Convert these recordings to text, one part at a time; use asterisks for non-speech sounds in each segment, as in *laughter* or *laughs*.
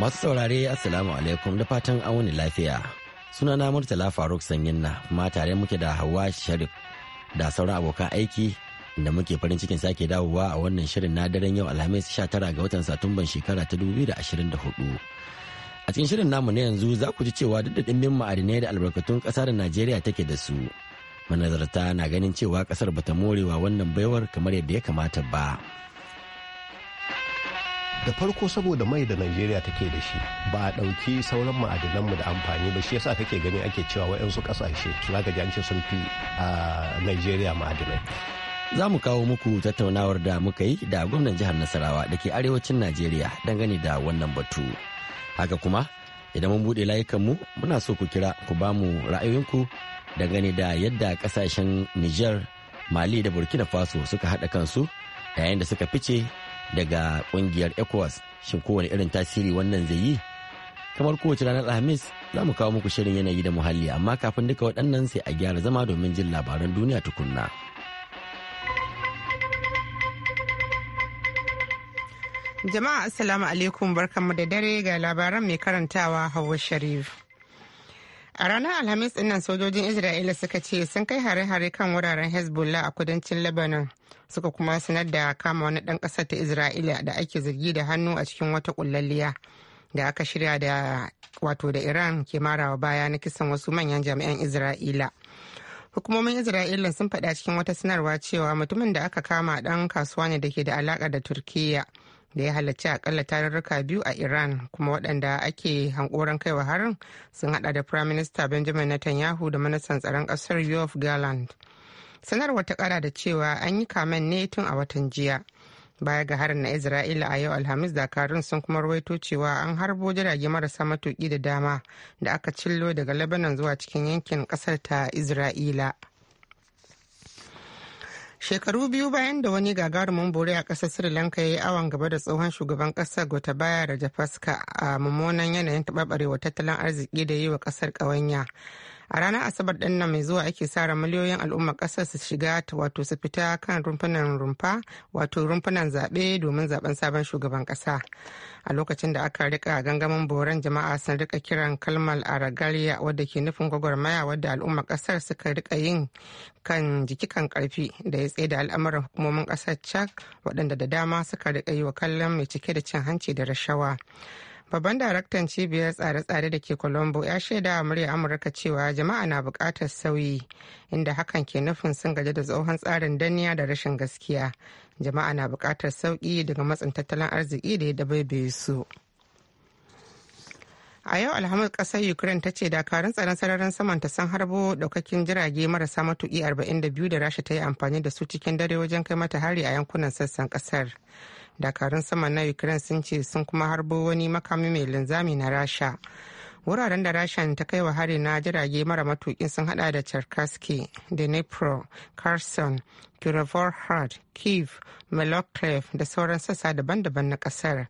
Masu saurare Assalamu alaikum da fatan an wani lafiya. Sunana Murtala Faruk Sanyin na kuma tare muke da hawa Sharif da sauran abokan aiki da muke farin cikin sake dawowa a wannan shirin na daren yau Alhamis 19 ga watan Satumban shekara ta 2024. A cikin shirin namu na yanzu za ku ji cewa duk da dimbin ma'adinai da albarkatun ƙasa da Najeriya take da su. Manazarta na ganin cewa ƙasar bata morewa wannan baiwar kamar yadda ya kamata ba. da farko saboda mai da najeriya take da shi ba a ɗauki sauran ma'adinan mu da amfani ba shi yasa kake gani ake cewa waɗansu ƙasashe su zaka ji an ce sun fi a najeriya ma'adanai za mu kawo muku tattaunawar da muka yi da gwamnan jihar nasarawa da ke arewacin najeriya dangane da wannan batu haka kuma idan mun buɗe layukanmu muna so ku kira ku ba mu ra'ayoyinku dangane da yadda ƙasashen niger mali da burkina faso suka haɗa kansu yayin da suka fice daga kungiyar ecowas shin kowane irin tasiri wannan zai yi kamar kowace ranar alhamis za mu kawo muku shirin yanayi da muhalli amma kafin duka waɗannan sai a gyara zama domin jin labaran duniya tukunna jama'a assalamu alaikum barkanmu da dare ga labaran mai karantawa hawa sharif a ranar alhamis dinnan sojojin isra'ila suka ce sun kai hare-hare kan wuraren hezbollah a kudancin lebanon suka kuma sanar da kama wani dan kasar ta isra'ila da ake zargi da hannu a cikin wata kullalliya da aka shirya da wato da iran ke marawa baya na kisan wasu manyan jami'an isra'ila hukumomin isra'ila sun faɗa cikin wata sanarwa cewa mutumin da aka kama dan kasuwa ne da ke da alaka da turkiyya da ya halarci akalla tarurruka biyu a iran kuma waɗanda ake hankoran kaiwa harin sun hada da firaminista minister benjamin netanyahu da ministan tsaron ƙasar yoav galand sanarwar ta kara da cewa an yi kamen ne tun a watan jiya baya ga harin na isra'ila a yau alhamis dakarun sun kuma rawaito cewa an harbo jirage marasa matuki da dama da aka cillo daga lebanon zuwa cikin yankin kasar ta isra'ila shekaru biyu bayan da wani gagarumin bore a ƙasar sri lanka ya yi awon gaba da tsohon shugaban ƙasar gotabaya faska a mummunan yanayin taɓarɓarewa tattalin arziki da yi wa ƙasar ƙawanya a ranar asabar din nan mai zuwa ake sara miliyoyin al'ummar kasar su shiga wato su fita kan rumfunan rumfa wato rumfunan zaɓe domin zaben sabon shugaban ƙasa a lokacin da aka rika gangamin boran jama'a sun rika kiran kalmar aragariya wadda ke nufin gwagwarmaya wadda al'ummar ƙasar suka rika yin kan jiki kan karfi da ya tsaye da al'amuran hukumomin ƙasar chad waɗanda da dama suka rika yi wa kallon mai cike da cin hanci da rashawa Babban daraktan cibiyar tsare-tsare da ke Colombo ya shaida wa murya Amurka cewa jama'a na bukatar sauyi inda hakan ke nufin sun gaji da tsohon tsarin danniya da rashin gaskiya. Jama'a na bukatar sauƙi daga matsin tattalin arziki da ya dabaibaye su. a yau alhamis kasar ukraine ta ce dakarun tsaron sararin samanta sun harbo daukakin jirage marasa matuki 42 da rasha ta yi amfani da su cikin dare wajen kai mata hari a yankunan sassan kasar dakarun sama na ukraine sun ce sun kuma harbo wani makami mai linzami na rasha wuraren da rashan ta kai wa hari na jirage mara matukin sun hada da cherkasky dnipro carson kirovorhard kiev meloklev da sauran sassa daban-daban na kasar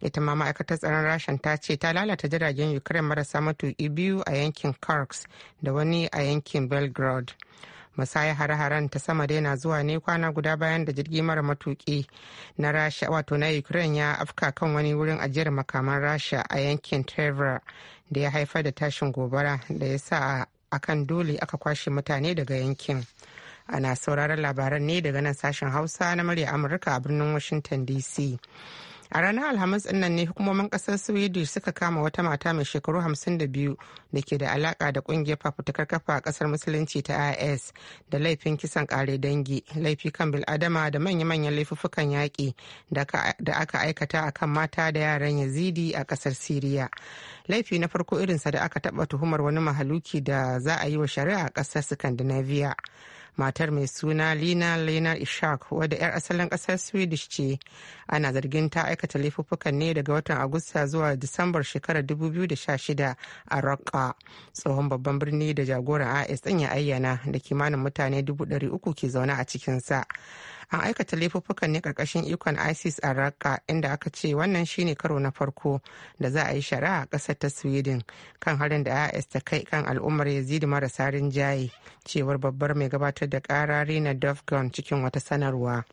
ita ma ma'aikatar tsaron rashan ta ce ta lalata jiragen ukraine marasa matuki biyu a yankin kirks da wani a yankin belgrade musaya hare-haren ta sama daina zuwa ne kwana guda bayan da jirgi mara matuki na rasha wato na ukraine ya afka kan wani wurin ajiyar makaman rasha a yankin trevor da ya haifar da tashin gobara da ya sa a kan dole aka kwashe mutane daga yankin ana sauraron labaran ne daga nan sashen hausa na murya amurka a birnin washington dc a ranar alhamis nan ne hukumomin kasar swedish suka kama wata mata mai shekaru 52 da ke da alaka da kungiyar fafutukar kafa a kasar musulunci ta is da laifin kisan kare dangi laifi kan bil'adama da manya-manyan laifuffukan yaƙi da aka aikata a kan mata da yaran yazidi a kasar siriya laifi na farko irinsa da aka taɓa tuhumar wani mahaluki da za a yi wa shari'a a kasar scandinavia matar mai suna lina lena ishak wadda 'yar asalin kasar swedish ce ana zargin ta aikata laifuffukan ne daga watan agusta zuwa disambar shekarar 2016 a raqqa tsohon babban birni da jagoran is din ya ayyana da kimanin mutane 300 ke zaune a cikinsa an aikata laifuffukan ne karkashin ikon isis a raqqa inda aka ce wannan shine karo na farko da za a yi shari'a a kasar ta sweden kan harin da is ta kai kan al'ummar yazidi marasa rinjaye cewar babbar mai gabatar da kara rina dovgon cikin wata sanarwa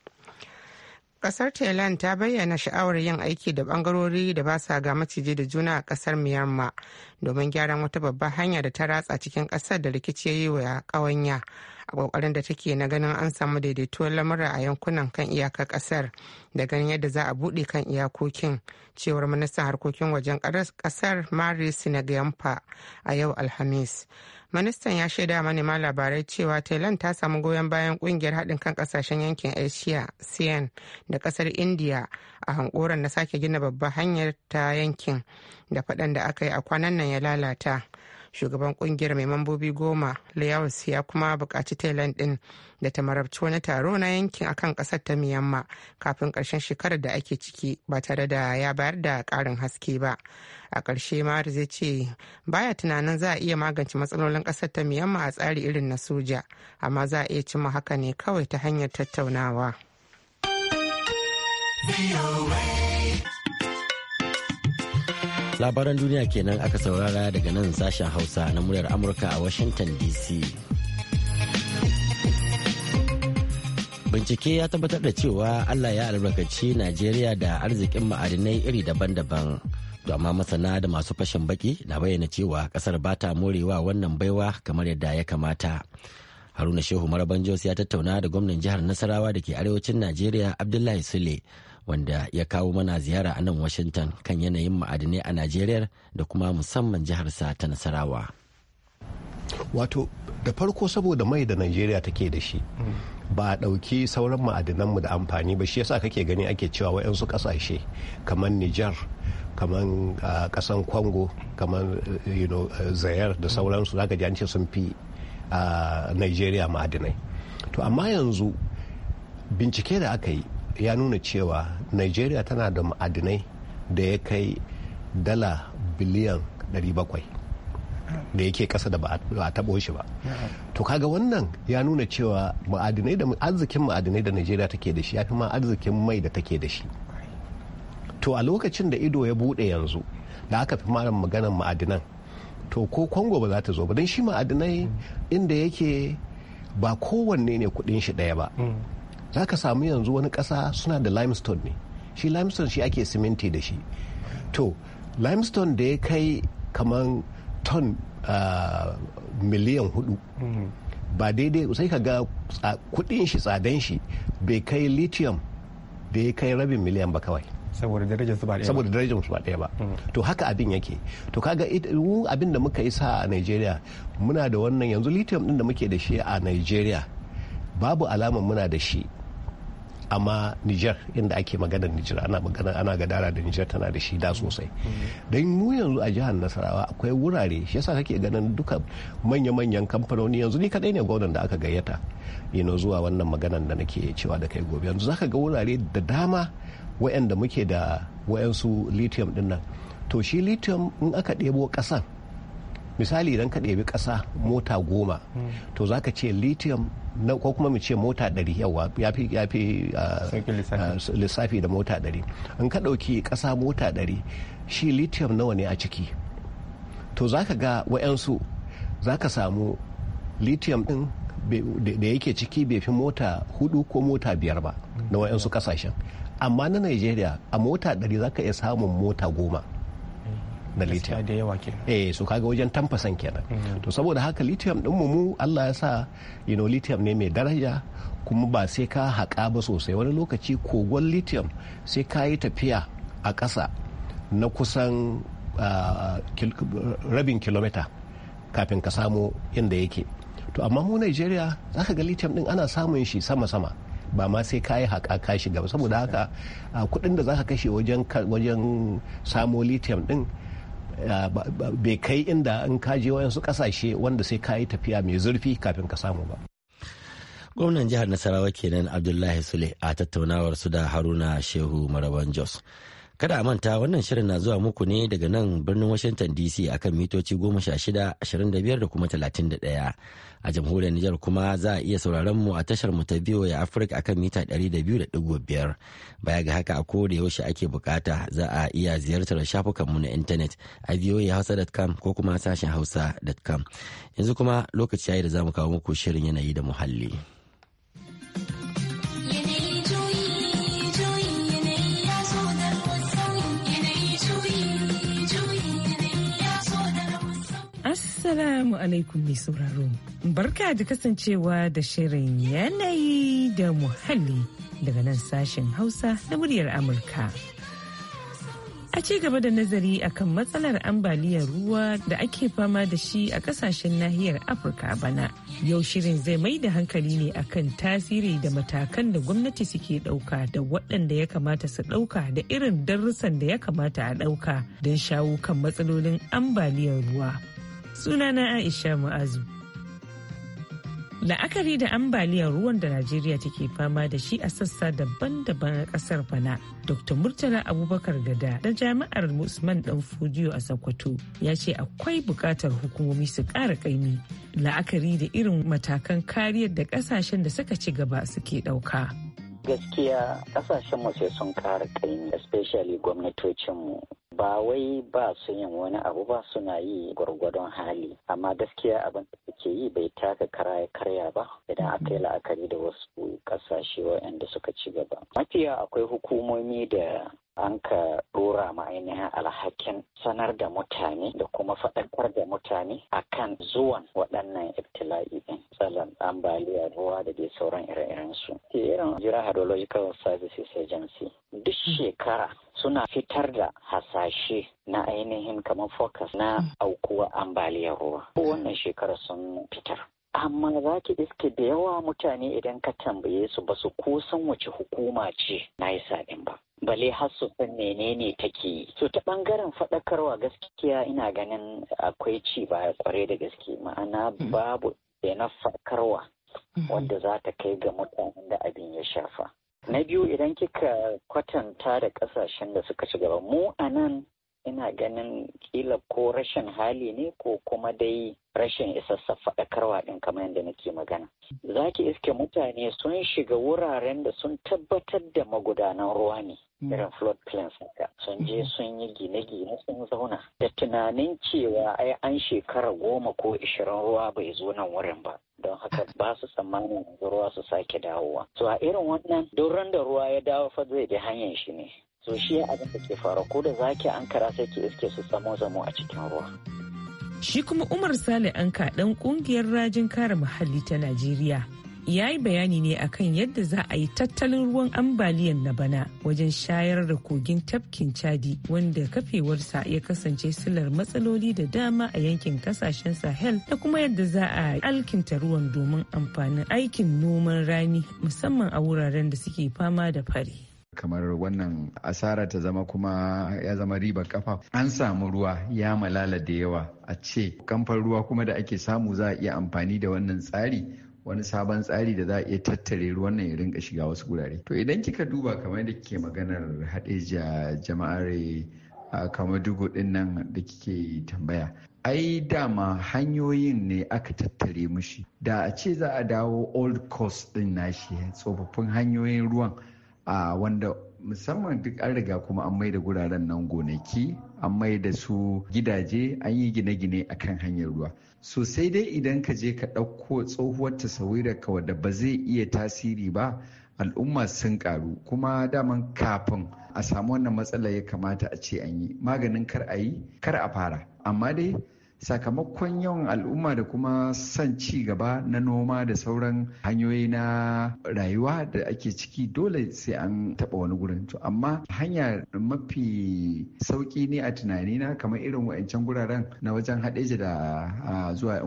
kasar thailand ta bayyana sha'awar yin aiki da bangarori da ba sa ga maciji da juna a kasar myanmar domin gyaran wata babbar hanya da ta ratsa cikin kasar da rikici ya yi wa kawanya a kokarin da take na ganin an samu daidaituwar lamura a yankunan kan iyakar kasar da ganin yadda za a buɗe kan iyakokin cewar ministan harkokin wajen kasar mari sinagayampa a yau alhamis ministan ya shaida manema labarai cewa thailand ta samu goyon bayan kungiyar haɗin kan ƙasashen yankin asia cn da ƙasar india a hankoran na sake gina babbar hanyar ta yankin da faɗan da aka yi a kwanan nan ya lalata shugaban kungiyar mai mambobi goma layawus ya kuma bukaci thailand din da ta marabci wani taro na yankin akan kasar ta miyamma kafin karshen shekarar da ake ciki ba tare da ya bayar da karin haske ba a ƙarshe mari zai ce baya tunanin za a iya magance matsalolin ƙasar ta miyamma a tsari irin na soja amma za a iya cimma haka ne kawai ta hanyar tattaunawa. labaran duniya kenan aka saurara daga nan sashen hausa na muryar amurka a washington dc bincike ya tabbatar da cewa allah ya albarkaci najeriya da arzikin ma'adinai iri daban-daban to amma masana da masu fashin baki na bayyana cewa kasar ba ta morewa wannan baiwa kamar yadda ya kamata haruna shehu maraban jos ya tattauna da gwamnan jihar nasarawa da ke arewacin najeriya abdullahi sule wanda ya kawo mana ziyara a nan washington kan yanayin ma'adinai a najeriya da kuma musamman jiharsa ta nasarawa wato da farko saboda mai da najeriya take da shi ba a ɗauki sauran ma'adinanmu da amfani ba shi yasa kake gani ake cewa wayansu ƙasashe kamar nijar kamar ƙasan Kwango, kamar zayar da sauransu zaka ji an sun fi a najeriya ma'adinai to amma yanzu bincike da aka yi ya nuna cewa nigeria tana da ma'adinai da ya kai dala biliyan 700 da yake kasa da ba a taɓo shi ba to kaga wannan ya nuna cewa ma'adinai da arzikin ma'adinai da nigeria take da shi ya fi ma arzikin mai da take da shi to a lokacin da ido ya buɗe yanzu da aka fi mara maganan ma'adinan to ko kwango ba za ta zo ba don shi ma'adinai inda yake ba kowanne ne kuɗin shi daya ba mm. za ka samu yanzu wani ƙasa suna da limestone ne shi limestone shi ake siminti da shi to limestone da ya kai kamar ton ah, miliyan hudu mm-hmm. ba daidai sai ka ga kudin shi tsadan shi bai kai lithium da ya kai rabin miliyan ba kawai saboda darajar su ba daya ba mm. to haka abin yake to kaga mu abin da muka yi sa a Nigeria muna da wannan yanzu lithium din da muke da shi a Nigeria babu alamar muna da shi amma Nijar inda ake magana Nijar ana magana ana gadara da Nijar tana da shida sosai don mu yanzu a jihar Nasarawa akwai wurare shi yasa kake ganin duka manya-manyan kamfanoni yanzu ni kadai ne gwamnan da aka gayyata ino zuwa wannan maganan da nake cewa da kai gobe yanzu zaka ga wurare da dama wayanda muke da wayansu lithium din nan to shi lithium in aka ɗebo ƙasan misali idan ka ɗebi ƙasa mota goma to zaka ce lithium na ko kuma mu ce mota ɗari yawa ya fi ah, ah, lissafi da mota ɗari in ka ɗauki ƙasa mota ɗari shi lithium nawa ne a ciki to za ka ga wa'yansu za ka samu lithium ɗin da yake ciki bai fi mota hudu ko mota biyar ba na wa'yansu ƙasashen amma na nigeria a mota ɗari za ka iya samun mota goma na lithium da yawa kenan eh su kaga wajen tamfasan kenan mm. to saboda haka lithium din mu Allah ya sa you know lithium ne mai daraja kuma ba sai ka haƙa ba sosai wani lokaci kogon lithium sai ka yi tafiya a ƙasa na kusan ah, rabin kilomita kafin ka samu inda yake to amma mu Najeriya za ka ga lithium din ana samun shi sama-sama ba ma sai kayi haƙa ka shiga ba saboda haka ah, kuɗin da za ka kashe wajen samo lithium din bai kai inda in ka je wayansu kasashe wanda sai ka yi tafiya mai zurfi kafin ka samu ba gwamnan jihar nasarawa kenan abdullahi sule a tattaunawar su da haruna shehu maraban jos Kada a manta wannan shirin na zuwa muku ne daga nan birnin Washington DC akan mitoci 16, 25 da kuma 31. A jamhuriyar Nijar kuma za a iya sauraron mu a tashar mu ta biyo ya Africa akan mita 200.5. Baya ga haka a koda yaushe ake bukata za a iya ziyartar shafukan mu na intanet a voahausa.com ko kuma sashen hausa.com. Yanzu kuma lokaci ya yi da za mu kawo muku shirin yanayi da muhalli. Assalamu alaikum mai sauraro. Barka da kasancewa da shirin yanayi da muhalli daga nan sashen Hausa na muryar Amurka. A ci gaba da nazari akan matsalar ambaliyar ruwa da ake fama da shi a kasashen nahiyar Afirka bana. Yau shirin zai mai da hankali ne akan tasiri da matakan da gwamnati suke ɗauka da waɗanda ya kamata su ɗauka da irin darussan da ya kamata a ɗauka don shawo kan matsalolin ambaliyar ruwa. sunana aisha mu'azu la'akari da ambaliyar ruwan da najeriya take fama da shi a sassa daban-daban a kasar bana dr murtala abubakar gada da jami'ar usman dan fujiyo a sokoto ya ce akwai buƙatar hukumomi su ƙara ƙaimi la'akari da irin matakan kariyar da ƙasashen da suka ci gaba suke ɗauka gaskiya kasashen mu sai sun ƙara ƙaimi, especially gwamnatocinmu ba wai ba su yin wani abu ba suna yi gwargwadon hali amma gaskiya abin da suke yi bai taka kara karya ba idan aka yi la'akari da wasu kasashe waɗanda suka ci gaba mafiya akwai hukumomi da an ka dora ma alhakin sanar da mutane da kuma faɗakar da mutane a kan zuwan waɗannan ibtila'i ɗin tsalan ambaliya ruwa da dai sauran ire-iren su. Irin Jira Hydrological Services Agency duk hmm. shekara suna fitar da hasashe na ainihin kamar focus na mm. aukuwa ambaliyar ruwa. Wannan shekarar sun fitar. amma za ki iske da yawa mutane idan ka tambaye su ba su san wace hukuma ce na yi saɗin ba bale har su san menene take yi so ta ɓangaren faɗakarwa gaskiya ina ganin akwai ci baya kware da gaske ma'ana mm. babu da na faɗakarwa mm. wanda za ta kai ga mutanen da abin ya shafa Na biyu idan kika kwatanta da ƙasashen da suka ci gaba mu a nan ina ganin kila ko rashin hali ne ko kuma dai rashin isassa faɗakarwa ɗin kamar yadda nake magana. Za ki iske mutane sun shiga wuraren da sun tabbatar da magudanan ruwa ne. Hmm. Irin flood plains haka sun je hmm. sun yi gine-gine sun zauna da tunanin cewa ai an shekara goma ko ishirin ruwa bai zo nan wurin ba. Don haka *laughs* ba su tsammanin ruwa su sake dawowa. So a irin wannan, duk da ruwa ya dawo fa zai bi hanyar shi ne. so shi abin da ke faru ko da zaki kara sai ki iske su samo zamo a cikin ruwa shi kuma umar sale anka ɗan ƙungiyar rajin kare muhalli ta najeriya ya yi bayani ne akan yadda za a yi tattalin ruwan ambaliyan na bana wajen shayar da kogin tafkin chadi wanda kafewarsa ya kasance silar matsaloli da dama a yankin kasashen sahel da kuma yadda za a alkinta ruwan domin amfanin aikin noman rani musamman a wuraren da suke fama da fari kamar wannan asara ta zama kuma ya zama riba kafa an samu ruwa ya malala da yawa a ce kamfan ruwa kuma da ake samu za a iya amfani da wannan tsari wani sabon tsari da za a iya tattare ruwan nan ya rinka shiga wasu gurare to idan kika duba kamar da kike maganar haɗe jama'ar kamar dugu dinnan nan da kike tambaya ai dama hanyoyin ne aka tattare mushi da a ce za a dawo old coast din nashi tsofaffin hanyoyin ruwan a wanda musamman duk an riga kuma an maida guraren nan gonaki an maida su gidaje an yi gine-gine a kan hanyar ruwa Sosai dai idan ka je ka ɗauko tsohuwar tasawirar ka wadda ba zai iya tasiri ba al'umma sun karu kuma daman kafin a samu wannan matsala ya kamata a ce an yi maganin kar a yi kar a fara amma dai sakamakon yawan al'umma da kuma son ci gaba na noma da sauran hanyoyi na rayuwa da ake ciki dole sai an taɓa wani gurin to amma hanya mafi sauƙi ne a tunani na kamar irin wa'ancan guraren na wajen haɗeja da zuwa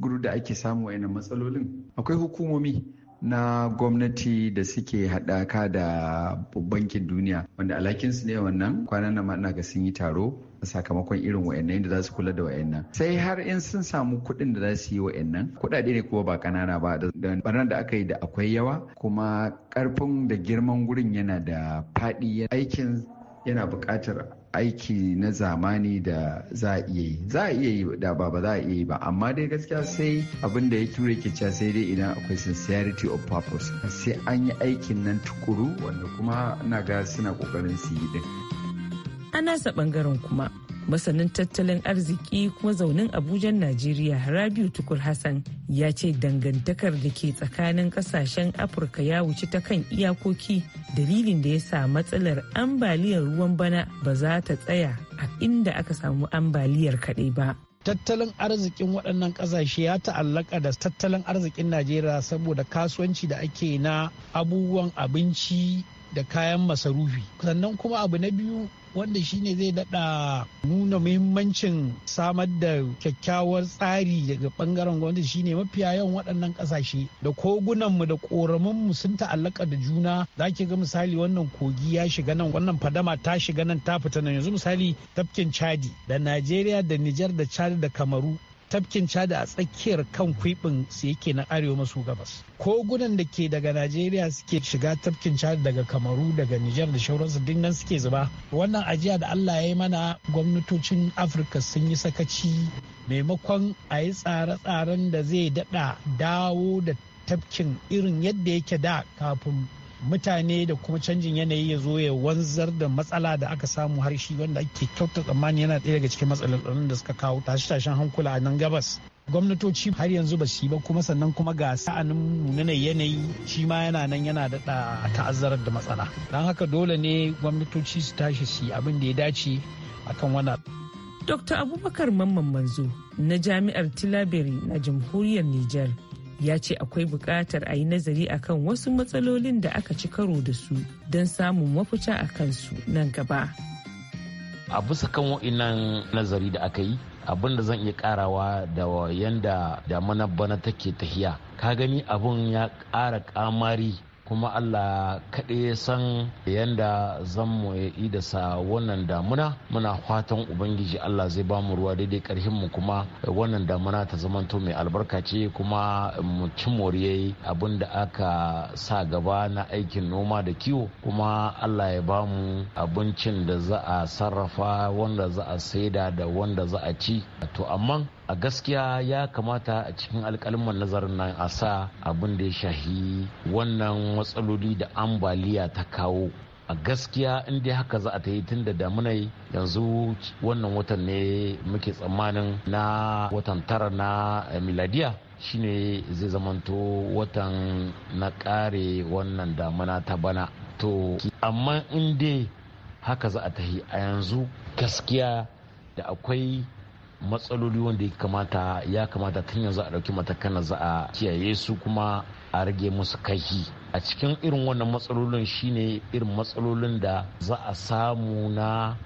guru da ake samu wa'annan matsalolin akwai hukumomi na gwamnati da suke haɗaka da bankin duniya wanda alhakinsu ne wannan kwanan nan ma'ana ga sun yi taro sakamakon irin wayannan da za su kula da wayannan sai har in sun samu kuɗin da za su yi wayannan kuɗaɗe ne kuma ba ƙanana ba da barnar da aka yi da akwai yawa kuma ƙarfin da girman gurin yana da faɗi aikin yana buƙatar aiki na zamani da za a iya yi za a iya yi da ba ba za a iya yi ba amma dai gaskiya sai abin da ya ture ke cewa sai dai idan akwai sincerity of purpose sai an yi aikin nan tukuru wanda kuma na ga suna kokarin su yi din a nasa bangaren kuma masanin tattalin arziki kuma zaunin abujan najeriya rabiu tukur hassan ya ce dangantakar da ke tsakanin kasashen afirka ya wuce ta kan iyakoki dalilin da ya sa matsalar ambaliyar ruwan bana ba za ta tsaya a inda aka samu ambaliyar kaɗai ba tattalin arzikin waɗannan ƙasashe ya ta'allaka da tattalin arzikin najeriya saboda kasuwanci da ake na abubuwan abinci da kayan masarufi sannan kuma abu na biyu wanda shi ne zai dada nuna muhimmancin samar da kyakkyawar tsari daga bangaren wanda shi ne mafiya yawan waɗannan ƙasashe da kogunanmu da ƙoraminmu sun ta'allaka da juna za ki ga misali wannan kogi ya shiga nan wannan fadama ta shiga nan ta fita nan yanzu misali tafkin chadi da najeriya da nijar da chadi da kamaru tafkin chada a tsakiyar kan kwibin su yake na arewa maso gabas kogunan da ke daga najeriya suke shiga tafkin chada daga kamaru daga nijar da shauransu duk nan suke zuba wannan ajiya da allah ya yi mana gwamnatocin afirka sun yi sakaci maimakon a yi tsare-tsaren da zai daɗa dawo da tafkin irin yadda yake da kafin mutane da kuma canjin yanayi ya zo ya wanzar da matsala da aka samu har shi wanda ake kyauta tsammani yana ɗaya daga cikin matsalolin da suka kawo tashe-tashen hankula a nan gabas gwamnatoci har yanzu ba shi ba kuma sannan kuma ga sa'anin munanan yanayi shi ma yana nan yana da ta'azzarar da matsala don haka dole ne gwamnatoci su tashi su abin da ya dace akan wana dr abubakar mamman manzo na jami'ar tilaberi na jamhuriyar niger ya ce akwai buƙatar a yi nazari a kan wasu matsalolin da aka ci karo da su don samun mafita a kansu nan gaba. a bisa kan wa'inan nazari da aka yi abin da zan iya karawa da yanda da bana take tahiya ka gani abun ya ƙara kamari kuma allah kaɗai san yanda zan mu yi da sa wannan damuna muna fatan ubangiji allah zai ba mu ruwa daidai ƙarfin mu kuma wannan damuna ta zamanto mai albarka ce kuma mu ci moriyai abin da aka sa gaba na aikin noma da kiwo kuma allah ya ba mu abincin da za a sarrafa wanda za a saida da wanda za a ci to amma a gaskiya ya kamata a cikin alkalman nazarin nan a sa abin da ya shahi wannan matsaloli da ambaliya ta kawo a gaskiya inda haka za a ta yi tun da damunai yanzu wannan watan ne muke tsammanin na watan tara na eh, miladiya shine zai zamanto watan na kare wannan damuna ta bana to amma inda haka za a ta yi a yanzu gaskiya da akwai matsaloli wanda ya kamata ya kamata tun yanzu a ɗauki matakan za a kiyaye su kuma a rage musu kashi a cikin irin wannan matsalolin shine irin matsalolin da za a samu na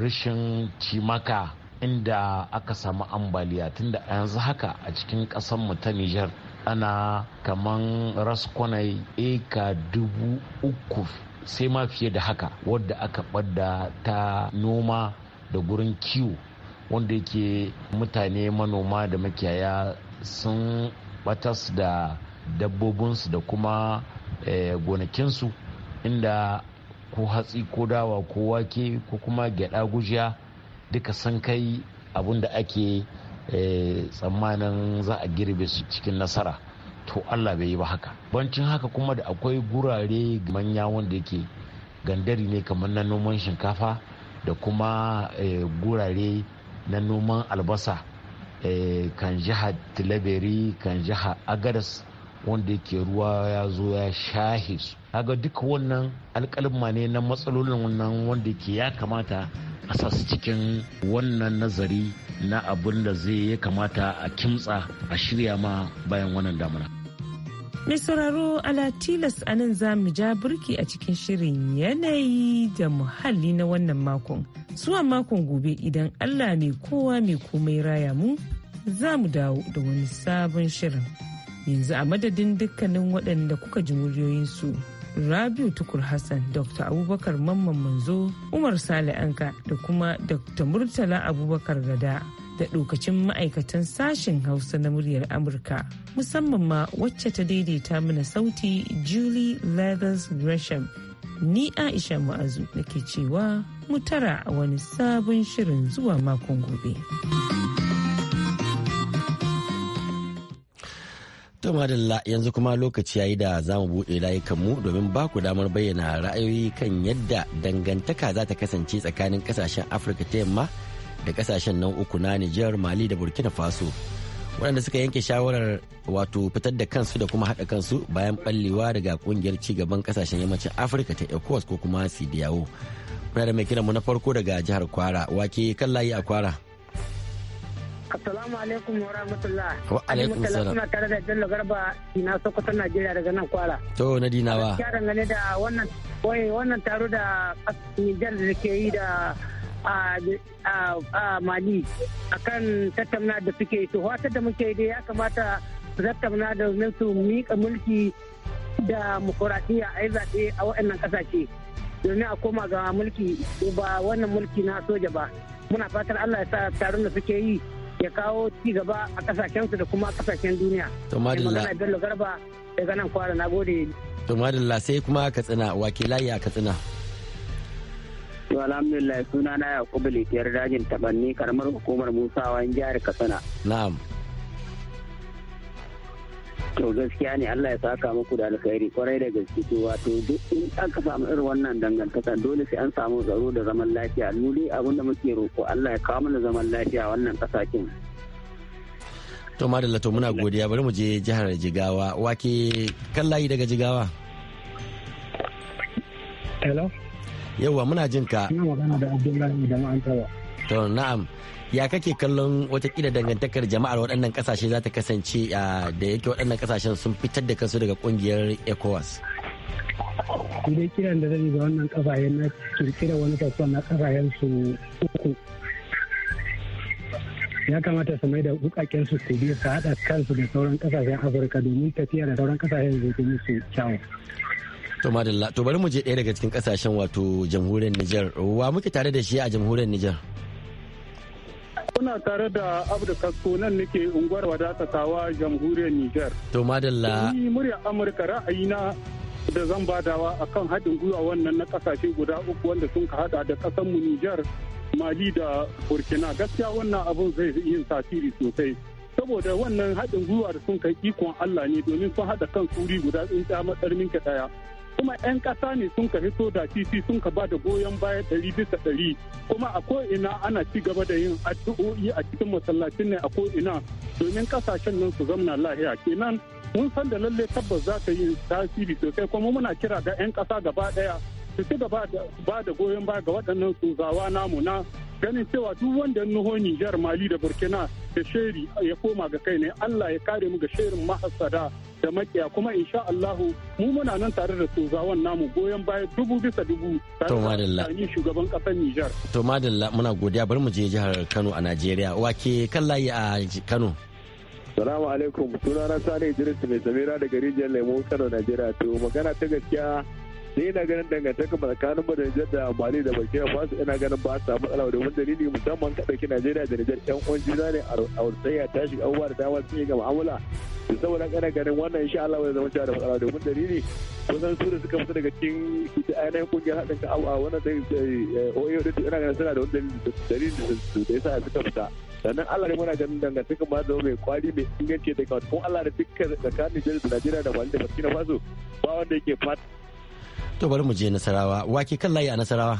rashin cimaka inda aka samu ambaliya tunda a yanzu haka a cikin mu ta Nijar ana kaman raskonai eka dubu uku sai ma fiye da haka wadda aka ɓadda ta noma da gurin kiwo wanda yake mutane manoma da makiyaya sun batas da dabbobinsu da kuma eh, gonakinsu inda ko hatsi ko dawa ko wake ko kuma gyada gujiya duka san kai abinda da ake eh, tsammanin za a girbe su cikin nasara to allah bai yi ba haka bancin haka kuma da akwai gurare manya wanda yake gandari ne kamar na noman shinkafa da kuma eh, gurare na noman albasa eh, kan jiha tilaberi kan jiha agadas wanda yake ruwa ya zo ya shahe su kaga duka wannan alkalma ne na matsalolin wannan wanda ke ya kamata a sa cikin wannan nazari na abin da zai ya kamata a kimtsa a shirya ma bayan wannan damuna. Mai sauraro ala tilas a nan za mu ja burki a cikin shirin yanayi da muhalli na wannan makon. Zuwa makon gobe idan Allah mai kowa mai komai raya mu za mu dawo da wani sabon shirin. Yanzu a madadin dukkanin waɗanda kuka ji muryoyinsu. Rabiu Tukur Hassan, Dr. Abubakar Mamman Manzo, Umar Sale Anka da kuma Dr. Murtala Abubakar Gada. da dokacin ma'aikatan sashen hausa na muryar amurka musamman ma wacce ta daidaita mana sauti julie leathers gresham ni aisha ma'azu da ke cewa mutara a wani sabon shirin zuwa makon gobe To madalla yanzu kuma lokaci yayi da zamu mu buɗe layukanmu domin ba ku damar bayyana ra'ayoyi kan yadda dangantaka za ta kasance tsakanin kasashen Afirka ta yamma da kasashen nan uku na Nijar, Mali da Burkina Faso. waɗanda suka yanke shawarar wato fitar da kansu da kuma haɗa kansu bayan ɓallewa daga ƙungiyar gaban kasashen yammacin afirka ta ecowas ko kuma cdao muna da mai kiranmu na farko daga jihar kwara wake kan layi a kwara assalamu alaikum wa rahmatullah wa alaikum salam ina tare da jallo garba ina sokoto najeriya daga nan kwara to na dinawa ya dangane da wannan wannan taro da nijar da ke yi da a mali a kan tattauna da suke su wata da muke dai ya kamata su tattauna da su miƙa mulki da mukuratiyya a yi zaɓe a waɗannan ƙasashe domin a koma ga mulki ba wannan mulki na soja ba muna fatar allah ya sa taron da suke yi ya kawo ci gaba a su da kuma ƙasashen duniya. To madalla. Magana Bello Garba daga nan kwara na gode. To madalla sai kuma Katsina wakilai layi a Katsina. To alhamdulillah suna na Yakubu Litiyar dajin tabanni karamar hukumar Musa wa jihar Katsina. Na'am. To gaskiya ne Allah ya saka muku da alkhairi kwarai da gaske to wato duk in aka samu irin wannan dangantaka dole sai an samu tsaro da zaman lafiya mu dai abin da muke roko Allah ya kawo mana zaman lafiya wannan kasakin. To madalla to muna godiya bari mu je jihar Jigawa wake kan layi daga Jigawa. Hello. yawa muna jin ka to na'am ya kake kallon wata watakila dangantakar jama'ar waɗannan kasashe za ta kasance da yake waɗannan kasashen sun fitar da kansu daga kungiyar ecowas dai kiran da zai ga wannan kafayen na kirkira wani kasuwa na kafayen su uku ya kamata su mai da bukaken su su su haɗa kansu da sauran kasashen afirka domin tafiya da sauran kasashen zai su kyau To madalla to bari mu je ɗaya daga cikin kasashen wato jamhuriyar Nijar. Wa muke tare da shi a jamhuriyar Nijar? Kuna tare da Abdu Kasko nan nake unguwar wadatatawa jamhuriyar Nijar. To madalla. Ni murya Amurka na da zan badawa akan haɗin gwiwa wannan na kasashe guda uku wanda sun ka hada da mu Nijar, Mali da Burkina. Gaskiya wannan abun zai yin tasiri sosai. saboda wannan haɗin gwiwa da sun kai ikon Allah ne domin sun haɗa kan suri guda tsinta matsarmin ka ɗaya kuma 'yan ƙasa ne sun ka hito da titi sun ka ba da goyon baya ɗari bisa ɗari kuma a ko'ina ana ci gaba da yin addu'o'i a cikin masallacin ne a ko'ina domin ƙasashen nan su zamna lahiya kenan mun san da lalle tabbas za ta yi tasiri sosai kuma muna kira ga 'yan ƙasa gaba ɗaya su ci gaba da ba da goyon baya ga waɗannan zawa namu na ganin cewa duk wanda nuho Nijar Mali da Burkina da sheri ya koma ga kai ne Allah ya kare mu ga sherin mahasada da makiya kuma insha Allahu mu muna nan tare da zawon namu goyon baya dubu bisa dubu tare da shugaban kasar Nijar. To madalla muna godiya bari mu je jihar Kano a Najeriya wake kan layi a Kano. Salamu alaikum sunana Sani Idris mai samira daga rijiyar Lemo Kano Najeriya to magana ta gaskiya sai ina ganin dangantaka tsakanin mu da Nijar da Mali da Burkina Faso ina ganin ba ta matsala da wani dalili musamman ka dauki Najeriya da Nijar ɗan uwan juna ne a wursayya ta shiga abubuwa da dama sun yi ga mu'amala to saboda kana ganin wannan insha Allah zai zama cewa da matsala da wani dalili kusan su da suka fita daga cikin ita ainihin kungiyar haɗin ka a wannan da da eh, ina ganin suna da wani dalili da yasa suka fita sannan Allah ne muna ganin dangantaka ba da mai kwari mai inganci da kawai kuma Allah da dukkan tsakanin Nijar da Najeriya da Mali da Burkina Faso ba wanda yake fata to bari mu je nasarawa wake kan layi a nasarawa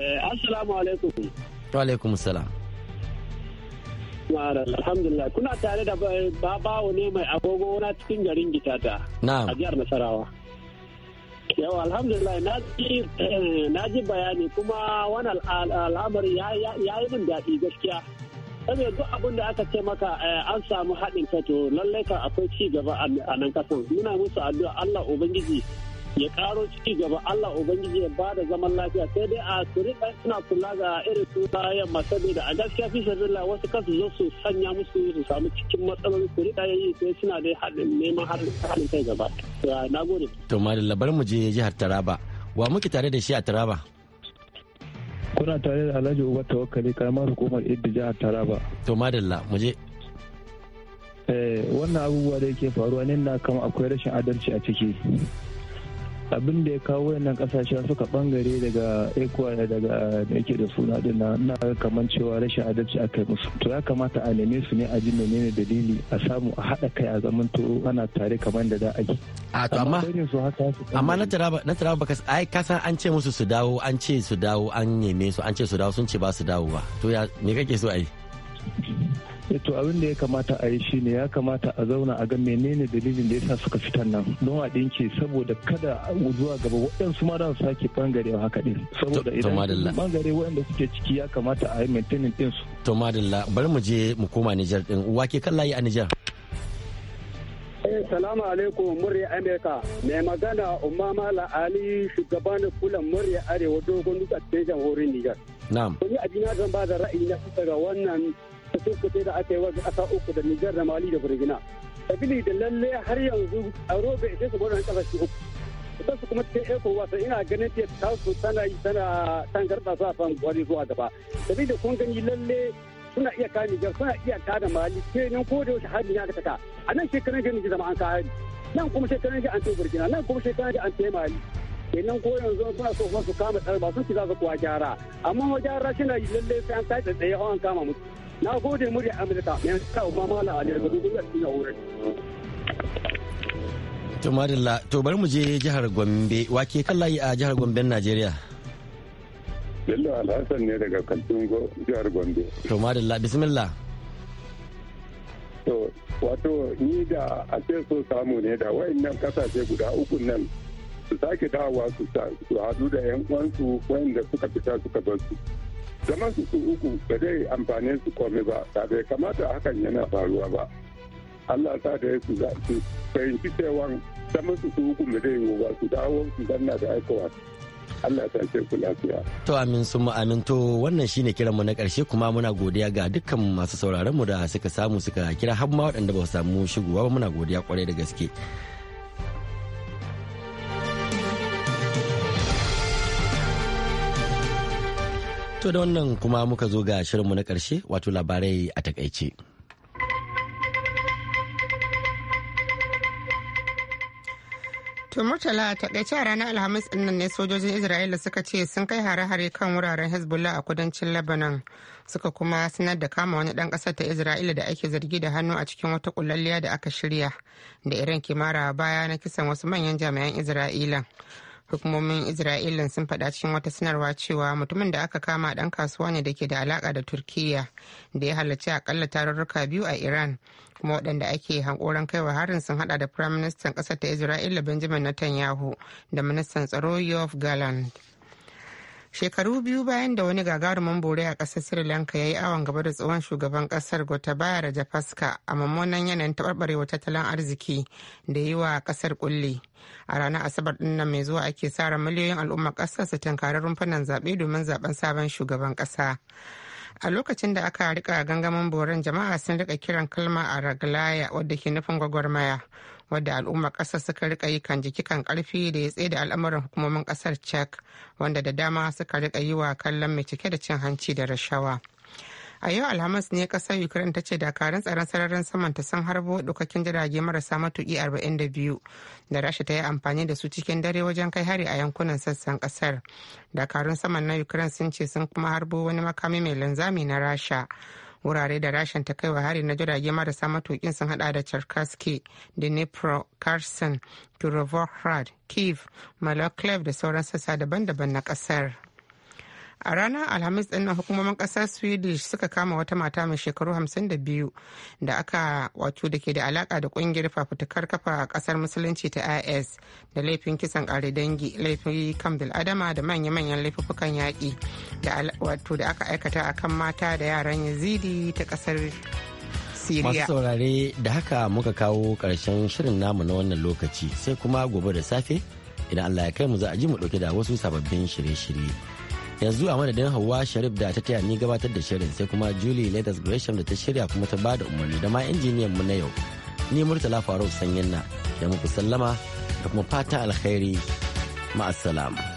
eh, assalamu alaikum wa alaikum salam alhamdulillah kuna tare da eh, babawo ne mai agogo na cikin garin gitata a jihar nasarawa yau alhamdulillah na ji eh, bayani kuma wani al'amari ya yi min daɗi gaskiya saboda duk abin da aka ce maka eh, an samu haɗin kato lallai ka akwai ci gaba a nan kasan muna musu addu'a Allah ubangiji ya karo ci gaba Allah ubangiji ya ba da zaman lafiya sai dai a ɗan suna kula ga irin su yamma saboda a gaskiya fi sabilla wasu kasu zo su sanya musu su samu cikin matsaloli turika yi sai suna dai haɗin neman haɗin kai gaba na gode to bari mu je jihar Taraba wa muke tare da shi a Taraba kuna tare da alhaji uba tawakkali karamar hukumar idda jihar taraba to madalla mu je eh, wannan abubuwa da yake faruwa ne na kama akwai rashin adalci a ciki abin da ya kawo wannan kasashen suka bangare daga ecuador daga da yake da suna din na ina kamar cewa rashin adalci a kai musu to ya kamata a neme su ne a ji menene dalili a samu a haɗa kai a zaman to ana tare kamar da za a yi a to amma amma na taraba na taraba baka ai kasa an ce musu su dawo an ce su dawo an neme su an ce su dawo sun ce ba su dawo ba to ya me kake so ai Eh, to abin da ya kamata a yi shine ya kamata a zauna a ga menene dalilin da yasa suka fitar nan don a dinke saboda kada zuwa gaba waɗansu ma da su sake bangare haka din saboda idan bangare waɗanda suke ciki ya kamata a yi maintaining din su to madalla bari mu je mu koma Nijar din kan layi a Nijar eh, Salamu alaikum murya Amerika mai magana umma mala Ali shugaban kulan murya Arewa dogon dutse cikin jamhuriyar Nijar. Na'am. Kun yi abina zan ba da ra'ayi na kusa wannan kuce-kuce da aka yi wa ƙasa uku da Nijar da Mali da Burkina. Sabili da lalle har yanzu tsaro bai ishe su gwamnan su uku. Kusan su kuma cikin wasa ina ganin ta su tana yi tana tangarɗa su a fan wani zuwa gaba. Sabili da kun gani lalle suna iya kawo Nijar suna iya da Mali ke nan ko da yaushe har ya aka taka. A nan shekaran jini zama an kawo nan kuma shekaran jini an ce Burkina nan kuma shekaran jini an ce Mali. kenan ko yanzu suna so kuma su kama tsarba sun ci za su kuwa gyara amma gyara shi na lalle sai an kai da tsaye an kama musu. na gode mu da amurka mai sa obama la aliyar gudu duk da suna wurin to madalla to bari mu je jihar gombe wake kan layi a jihar gombe najeriya Bello Alhassan ne daga Kaltungo jihar Gombe. To madalla bismillah. To wato ni da a ce so samu ne da wayannan kasashe guda uku nan su sake dawowa su haɗu da 'yan uwansu wayanda suka fita suka bar su. zama su su uku ba zai amfanin su komai ba da bai kamata hakan yana faruwa ba allah ta da su za su fahimci cewa zaman su su uku ba zai ba su dawo su zanna da aikowa Allah ta ce ku lafiya. To amin sun amin to wannan shine kiran mu na karshe kuma muna godiya ga dukkan masu sauraron mu da suka samu suka kira har ma waɗanda ba su samu shigowa ba muna godiya kwarai da gaske. To da wannan kuma muka zo ga shirinmu na ƙarshe wato labarai a takaice. To Murtala ta ɗace a ranar Alhamis ɗin ne sojojin Isra'ila suka ce sun kai hare-hare kan wuraren Hezbollah a kudancin Lebanon suka kuma sanar da kama wani ɗan ƙasar ta Isra'ila da ake zargi da hannu a cikin wata ƙullalliya da aka shirya da Iran kimara baya na kisan wasu manyan jami'an Isra'ila hukumomin isra'ilin sun faɗa cikin wata sanarwa cewa mutumin da aka kama dan kasuwa ne da ke da alaka da turkiya da ya halarci akalla tarurruka biyu a iran kuma waɗanda ake hankoran kaiwa harin sun hada da firaministan ƙasar ta isra'ila benjamin netanyahu da ministan tsaro yoav galand shekaru biyu bayan da wani gagarumin bore a ƙasar sri lanka ya yi awon gaba da tsohon shugaban ƙasar gotabaya jafaska a mummunan yanayin taɓarɓarewa tattalin arziki da yi wa ƙasar ƙulli a ranar asabar ɗin nan mai zuwa ake sa ran miliyoyin al'ummar ƙasar su tunkari rumfunan zaɓe domin zaɓen sabon shugaban ƙasa a lokacin da aka rika gangamin boran jama'a sun rika kiran kalma a raglaya wadda ke nufin gwagwarmaya wadda al'ummar kasar suka rika yi kan jiki kan karfi da ya tsaye da al'amuran hukumomin kasar czech wanda da dama suka rika yi wa kallon mai cike da cin hanci da rashawa a yau alhamis ne kasar ukraine ta ce dakarun tsaron sararin saman ta sun harbo dukakin jirage marasa matuki 42 da rasha ta yi amfani da su cikin dare wajen kai hari a yankunan sassan kasar dakarun saman na ukraine sun ce sun kuma harbo wani makami mai linzami na rasha wurare da rashin ta kaiwa hari na jirage marasa matuƙin sun hada da cherkasky dnipro carson turovohrad kiev maloklev da sauran sassa daban-daban na kasar a ranar alhamis din hukumomin kasar swedish suka kama wata mata mai shekaru 52 da aka wato da ke da alaka da kungiyar fafutukar kafa kasar musulunci ta is da laifin kisan kare dangi laifin kan bil'adama da manya-manyan laifukan yaƙi da wato da aka aikata a kan mata da yaran yazidi ta kasar Siriya. Masu saurare da haka muka kawo ƙarshen shirin namu na wannan lokaci sai kuma gobe da safe idan Allah ya kai mu za a ji mu ɗauke da wasu sababbin shirye-shirye. yanzu a madadin hawa sharif da ta taya ni gabatar da shirin sai kuma julie letters gresham da ta shirya kuma ta bada umarni da ma injiniyan mu na yau ni murtala faruk sanyin na da muku sallama da kuma fata alkhairi ma'assalam.